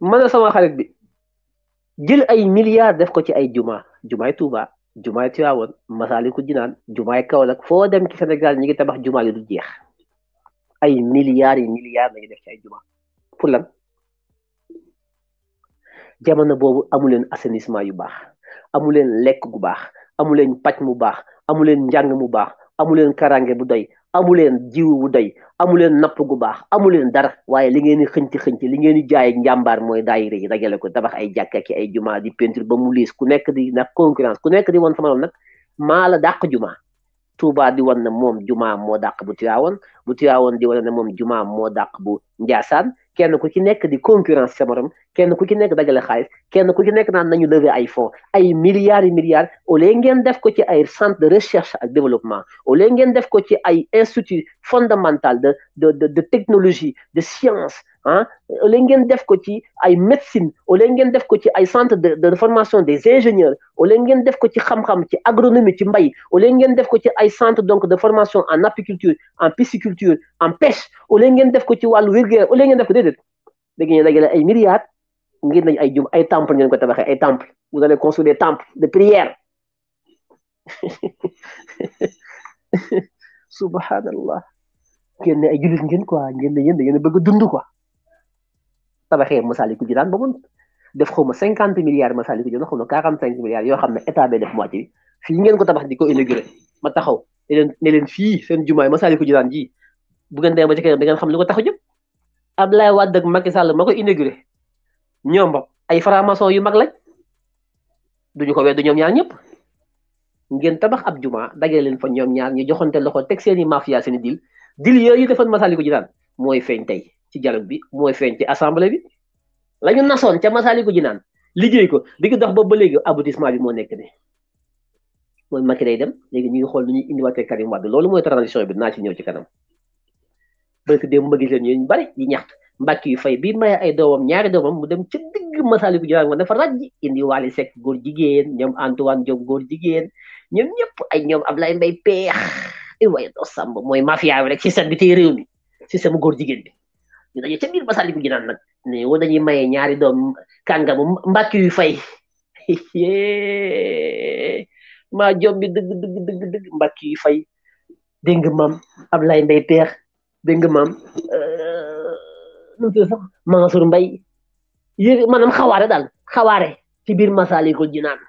mën a sama xarit bi jël ay milliards def ko ci ay juma jumaay Touba jumaay Tiwaawoon Masaalikul Jinaan jumaay Kaolack foo dem ci Sénégal ñi ngi tabax juma yu du jeex ay milliards yi milliards lañu def ci ay juma pour lan jamono boobu amuleen assainissement yu baax amuleen lekk gu baax amuleen paj mu baax amuleen njàng mu baax amuleen karange bu doy amuleen jiwu bu doy amuleen napp gu baax amuleen dara waaye li ngeen di xëñti xëñti li ngeen di jaay njàmbaar mooy daayira yi dajale ko tabax ay jàkka ay juma di peinture ba mu liis ku nekk di nag concurrence ku nekk di wan sama nag maa la dàq juma Touba di wan na moom juma moo dàq bu Tiwaawoon bu Tiwaawoon di wan na moom juma moo dàq bu Njaasaan kenn ku ci nekk di concurrence sa morom kenn ku ci nekk dajale xaalis kenn ku ci nekk naan nañu lever ay fonds ay milliards yi milliards au lieu ngeen def ko ci ay centre de recherche ak développement au lieu ngeen def ko ci ay institut fondamental de de de technologie de science ah au lieu def ko ci ay médecine au lieu def ko ci ay centre de de formation des ingénieurs au lieu def ko ci xam-xam ci agronomie ci mbay au def ko ci ay centre donc de formation en apiculture en pisciculture en pêche au lieu def ko ci walu wér gu au lieu def ko dedet da ngeen dajale ay milliards ngir nañ ay jum ay temple ngeen ko tabaxee ay temple vous allez construire des temples de prière subhanallah ngeen ay jullit ngeen quoi ngeen ne yéen da ngeen bëgg dund quoi tabaxee Masaalikul Jinaan ba mun def xaw ma cinquante milliards Masaalikul Jinaan xaw ma quarante cinq milliards yoo xam ne état bay def moitié bi fi ngeen ko tabax di ko inauguré ma taxaw ne leen fii seen jumaay Masaalikul Jinaan ji bu ngeen demee ba ci kanam da ngeen xam li ko tax a jëm ak Macky Sall ma ko inauguré ñoom ba ay franc-maçon yu mag lañ duñu ko weddu ñoom ñaar ñëpp ngeen tabax ab juma dagee leen fa ñoom ñaar ñu joxante loxo teg seeni mafia seeni dil dil yooyu defoon ko Jinaan mooy feeñ tey ci dialogue bi moy feeñ ci assemblée bi la nason, ci ca Masaalikul Jinaan liggéey ko diggu dox ba ba legi aboutissement bi mo nek ni moy makki day dem legi ñuy xol ñuy indi waté Karim wad lolu moy transition bi na ci ñew ci kanam parce dem démb ma gis leen ñu bari yi ñaxt mbacki yu fay bi may ay doom ñaari doomam mu dem ci digg Masaalikul Jinaan nga dafa raj indi wali sek gor jigen ñom Antoine jog gor jigen ñom ñep ay ñom Ablaye mbay peex i way do sàmb moy mafia rek ci système bi tey réew mi gor jigen bi ñu daje ca biir Masaalikul Jinaan nag ne woo dañuy maye ñaari doom kàngamu mbàkk yu fay maa jom bi dëgg dëgg dëgg dëgg mbàkk yu fay dégg nga maam Ablaye Mbaye Peex dégg nga maam euh, nu mu tudd sax Mansour Mbaye ci biir Masaalikul Jinaan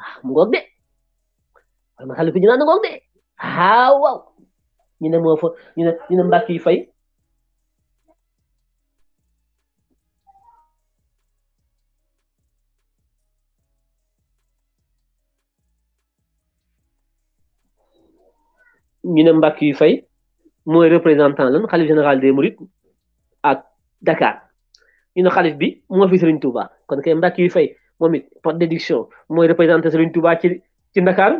ah mu ngoog de Masaalikul Jinaan mu ngoog ah waaw ñu ne moo fa ñu yu fay. ñu ne Mbackiou fay mooy représentant lan xalif général des Mourides ak Dakar ñu ne xalif bi moo fi Serigne Touba kon kay Mbackiou fay moom it par déduction mooy représenté Serigne Touba ci ci Dakar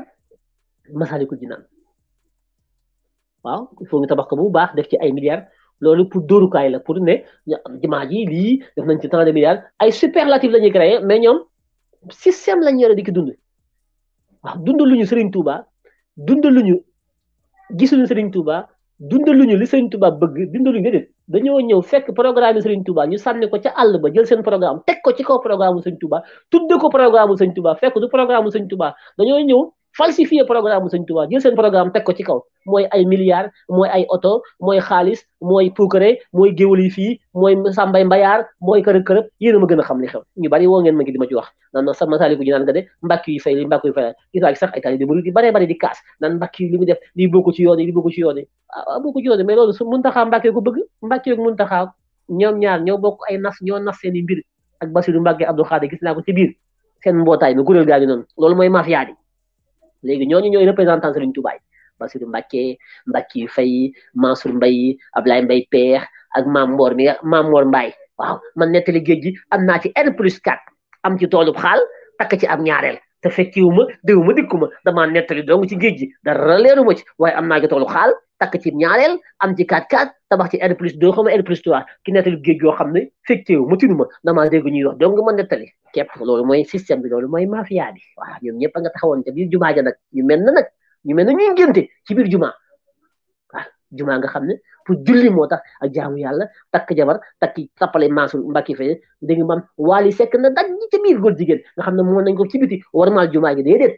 masaliku Jinaan waaw il faut ñu tabax ko bu baax def ci ay milliards loolu pour dóorukaay la pour ne jumaa ji lii def nañ ci tant de milliards ay superlatifs la créé mais ñoom système lañu yore di ki dund waaw dund luñu Serigne Touba dund luñu. gisuñu Serigne Touba dundaluñu li Serigne Touba bëgg dundaluñu déedéet dañoo ñëw fekk programme yi Serigne Touba ñu sànni ko ca àll ba jël seen programme teg ko ci kaw programme Serigne Touba tudde ko programme Serigne Touba fekk du programme Serigne Touba dañoo ñëw falsifier programme mu Sëñ Tuubaa jël seen programme teg ko ci kaw mooy ay milliards mooy ay oto mooy xaalis mooy puukare mooy géwal yi fii mooy sàmbay mbayaar mooy kërëb kërëb yéen ma gën a xam li xew ñu bari woo ngeen ma ngi di ma ci wax naan non sama taaliku ji naan nga de mbàkk yu fay li mbàkk yu fay gis naa sax ay taalibe murid yi baree bari di kaas naan mbàkk li mu def di bokku ci yoon yi di bokku ci yoon yi ah, ah bokku ci yoon yi mais loolu su Muntaxaa bokk ay nas ñoo nas seen i ak Basiru Mbàkke Abdou Xaadir gis naa ko ci biir seen mbootaay mi gaa ngi noonu loolu mooy mafia bi léegi ñooñu ñooy représentant Serigne Touba yi Bassirou Mbacké Mbacké Faye Mansour Mbaye Ablaye Mbaye Peex ak Maam Mor mi Maam Mor Mbaye waaw man nettali géej gi am naa ci N plus 4 am ci toolub xaal takk ci am ñaareel te fekkiwu ma déwu ma dikku ma damaa nettali dong ci géej gi dara leeru ma ci waaye am naa ci toolu xaal takk ci ñaareel am ci 4-4 tabax ci R plus 2 xam nga R plus 3 ki nettali géej goo xam ne fekkiwu ma tinu ma damaa dégg ñuy wax dong ma nettali képp loolu mooy système bi loolu mooy mafia bi waaw ñoom ñëpp a nga taxawoon te biir jumaa ja nag ñu mel na nag ñu mel na ñuy ngénte ci biir jumaa waaw jumaa nga xam ne pour julli moo tax a jaamu yàlla takk jabar takki tappale maasul mbàkki fee dégg nga maam waali sekk na daj ñi ci jigéen nga xam ne moo nañ ko ci biti warmaal jumaa gi déedéet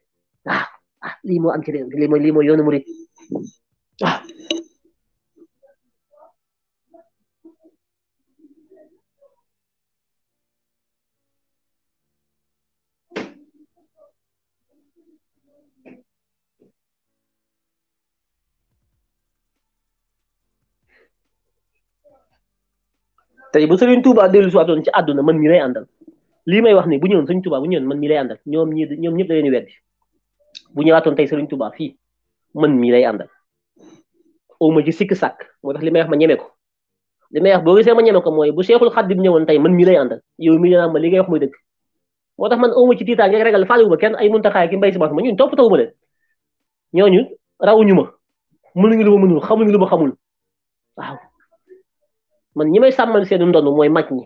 waaw ah lii moo am ci réew lii mooy lii mooy yoonu murit waaw tay oh, bu Serigne Touba delu si waatoon ci aduna man mi lay andal li may wax ni bu ñewon Serigne Touba bu ñewon man mi lay andal ñom ñi ñom ñep da leen wedd bu ñewaton tay Serigne Touba fi man mi lay o ma ci sik sak mo tax li may wax ma ñemé ko li may wax bo gisé ma ñemé ko moy bu Cheikhul Khadim ñewon tay man mi lay andal yow mi ñaan ma li ngay wax moy dëgg mo tax man oh, ma ci tita rek regal faalewu ba kenn ay muntaxaay ki mbay bass ma ñun top tawu ma leen ñooñu rawuñu mënu ñu lu ma mënul xamuñu lu ma xamul waaw man ñi may sàmmal seen ndonu mooy mag ñi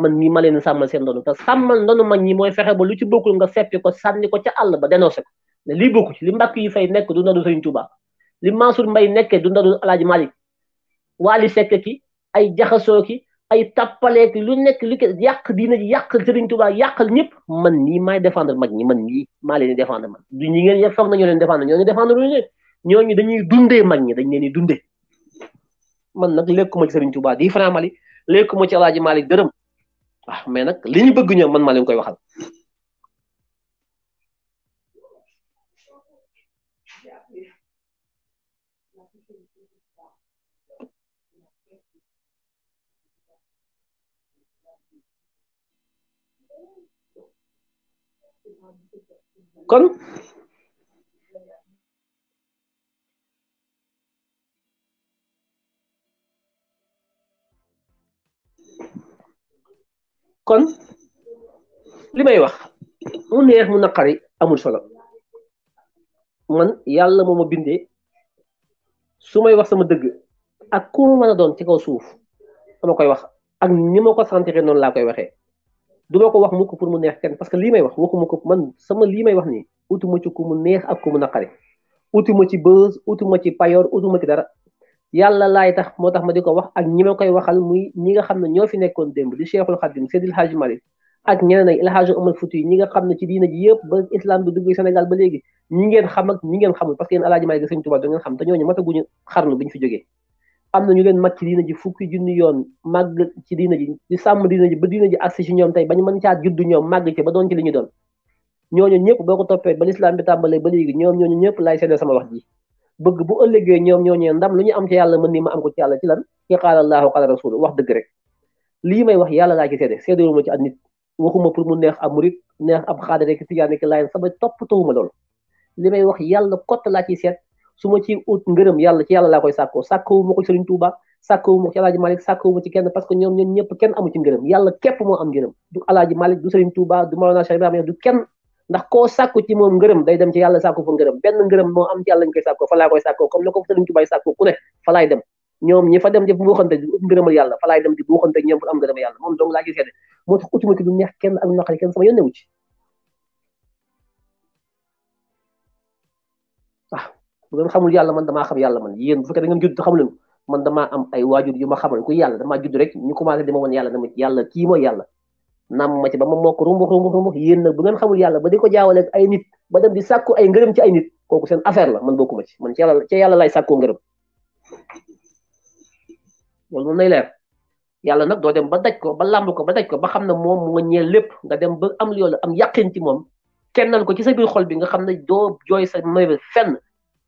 man mii ma leen sàmmal seen ndonu te sàmmal ndonu mag ñi mooy fexe ba lu ci bokk nga seppi ko sànni ko ca àll ba dénoncé ko ne lii bokku ci li mbàkk yi fay nekk du ndonu Sëriñ Tuuba li Mansour mbay nekkee du ndonu Alaaji Malick Waali Sekk ki ay jaxasoo ki ay tappaleek lu nekk li ko yàq diina ji yàqal Sëriñ Tuuba yàqal ñëpp man mii maay défendre mag ñi man ñi maa leen di défendre man du ñi ngeen foog na ñoo leen défendre ñoo ñu défendre ñooñu dañuy dundee mag ñi dañ leen di dundee man nak lekuma ci Serigne Touba di Franc Mali lekkuma ci El Hadj deureum wax ah mais nak liñu bëgg ñoom man maa leen koy waxal. kon kon li may wax mu neex mu naqari amul solo man yàlla moo ma bindee su may wax sama dëgg ak ku ma mën a doon ci kaw suuf dama koy wax ak ni ma ko sentir noonu laa koy waxee du ma ko wax mukk pour mu neex kenn parce que lii may wax waxuma ko man sama lii may wax nii utuma ci ku mu neex ak ku mu naqari utuma ci bës utuma ci payoor utuma ci dara yàlla laay tax moo tax ma di ko wax ak ñi ma koy waxal muy ñi nga xam ne ñoo fi nekkoon demb di Cheikhul Khadim Seydil Hadj Malick ak ñeneen ay El Hadj Omar Fouti yi ñi nga xam ne ci diina ji yëpp ba islam bi dugg Sénégal ba léegi ñi ngeen xam ak ñi ngeen xamul parce que yéen El Hadj xam te ñooñu mataguñu xarnu bi ñu fi am na ñu leen mag ci diina ji fukki yoon màgg ci diina ji di sàmm diina ji ba diina ji agsi ci ñoom mën caat juddu ñoom màgg ba doon ñu doon ñooñu ñëpp boo ko toppee ba lislaam bi tàmbalee ba léegi ñoom ñooñu ñëpp lay seede sama wax ji bëgg bu ëllëgee ñoom ñooñee ndam lu ñu am ci yàlla mën ni ma am ko ci yàlla ci lan ci qaala allahu qaala wax dëgg rek lii may wax yàlla laa ci seede seedewuma ci ak nit mu neex ab murit neex ab xaadare ki tijaane ki laayeen sama toppatawuma loolu li may wax yàlla kott laa ciy seet su ma ciy ut ngërëm yàlla ci yàlla laa koy sàkkoo sàkkowuma ko Sëriñ Tuuba sàkkowuma ko ci alaaji Malik sàkkowuma ci kenn parce que ñoom ñoom ñëpp kenn amu ci ngërëm yàlla képp moo am ngërëm du alaaji Malik du Sëriñ Tuuba du Mawlana ndax koo sàkku ci moom ngërëm day dem ci yàlla sàkku fa ngërëm benn ngërëm moo am ci yàlla ñu koy sàkkoo fa laa dem ñoom ñi fa dem di buuxante di ut ngërëmal yàlla fa dem di buuxante ñoom pour am ngërëmal moom dong moo tax utuma ki du neex kenn ak naqari kenn sama yónne wu ah, xamul yàlla man damaa xam yàlla man yéen bu fekkee da ngeen judd xamu leen man damaa am ay waajur yu ma xamal ku yàlla damaa judd rek ñu commencé di ma woon yàlla dama yàlla kii mooy yàlla naam ma ci ba ma mokk rumbux rumbux rumbux yéen nag bu ngeen xamul yàlla ba di ko jaawale ay nit ba dem di sàkku ay ngërëm ci ay nit kooku seen affaire la man bokkuma ci man ci yàlla ci yàlla lay sàkkoo ngërëm loolu leer yàlla nag doo dem ba daj ko ba làmb ko ba daj ko ba xam ne moom moo ñeel lépp nga dem ba am yoola am yàqin ci moom kennal ko ci sa biir xol bi nga xam ne doo jooy sa may fenn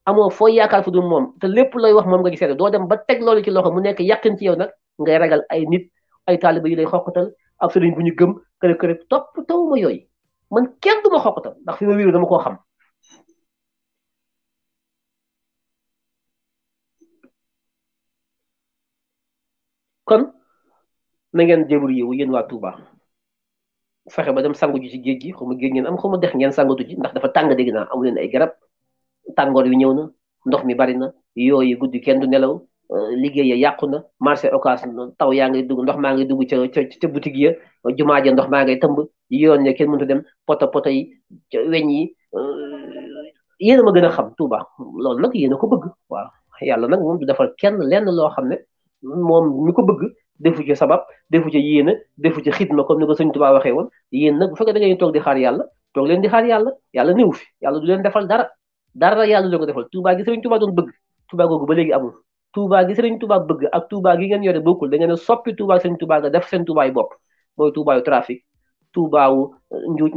amoo foo yaakaar fu dul moom te lépp looy wax moom nga gisee doo dem ba teg loolu ci loxo mu nekk yàqin ci yow nag ngay ragal ay nit ay taaliba yu lay xoqatal ak sëriñ bu ñu gëm kër kër topp tawuma yooyu man kenn du ma ndax fi ma wéeru dama koo xam kon na ngeen jébur yiwu yéen waa Touba fexe ba dem sangu ji ci géej gi xaw ma géej ngeen am xaw dex ngeen sangatu ji ndax dafa tàng dégg naa amu leen ay garab tàngoor yu ñëw na ndox mi bari na yooyu guddi kenn du nelaw Euh, liggéey ya yàqu na marché occasion taw yaa ngi dugg ndox maa ngi dugg ca ca ca boutique ya jumaa ja ndox maa ngay tëmb yoon ne kenn mënut a dem poto poto yi weñ yi euh, yéen a ma gën a xam Touba loolu nag yéen a ko bëgg waaw yàlla nag moom du defal kenn lenn loo xam ne moom mi ko bëgg defu ci sabab defu ci yéen a defu ci xidma comme ni ko sëñ Touba waxee woon yéen nag bu fekkee da ngeen toog di xaar yàlla toog leen di xaar yàlla yàlla néew fi yàlla du leen defal dara dara yàlla du ko defal Touba gi sëñ bëgg Touba ba léegi amul Touba gi Serigne Touba bëgg ak Touba gi ngeen yore bokkul da ngeen a soppi Touba Serigne Touba nga def seen Touba yu bopp mooy Touba yu trafic Touba wu njuuj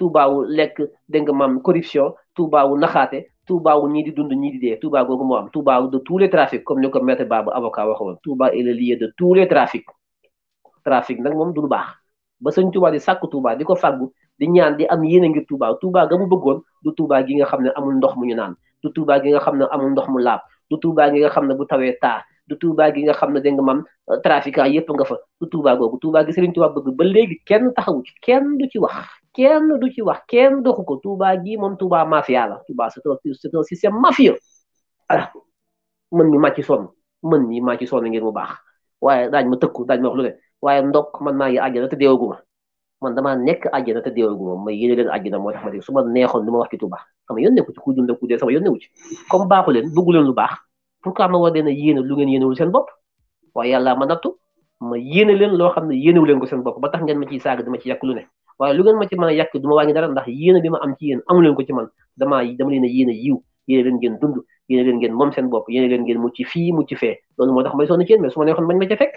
Touba lekk dégg nga maam corruption Touba wu naxaate Touba wu ñii di dund ñii di dee moo am Touba wu de tous les trafics comme ni ko maître Baba avocat waxoon Touba est le lieu de tous les trafics trafic nag moom du lu baax ba Serigne Touba di sàkku Touba di ko fàggu di ñaan di am yéene ngir Touba Touba ga mu bëggoon du Touba gi nga xam ne amul ndox mu ñu naan du gi nga xam ne amul ndox mu laab du Touba gi nga xam ne bu tawee taa du Touba gi nga xam ne dégg nga maam euh, trafiquant yëpp nga fa du Touba googu Touba gi Serigne Touba bëgg ba léegi kenn taxawu ci kenn du ci wax kenn du ci wax kenn doxu ko Touba gi moom Touba mafia la Touba c'est un système mafieux voilà mën mi maa ci sonn mën mi maa ci sonn ngir mu baax waaye daañ ma tëkku daañ ma wax lu ne waaye ndok man maa ngi àjjana te deewaguma man damaa nekk àjjana te deewagu moom ma yéene leen àjjana moo tax ma dee su neexoon lu wax ci Tuuba sama yoon nekku ci ku dund ku dee sama yoon nekku ci comme baaxu leen lu baax pourquoi ma war leen a yéene lu ngeen yéenewul leen ngeen dund yéene leen ngeen moom seen bopp yéene leen ngeen mucc fii mucc fee loolu moo may ma neexoon fekk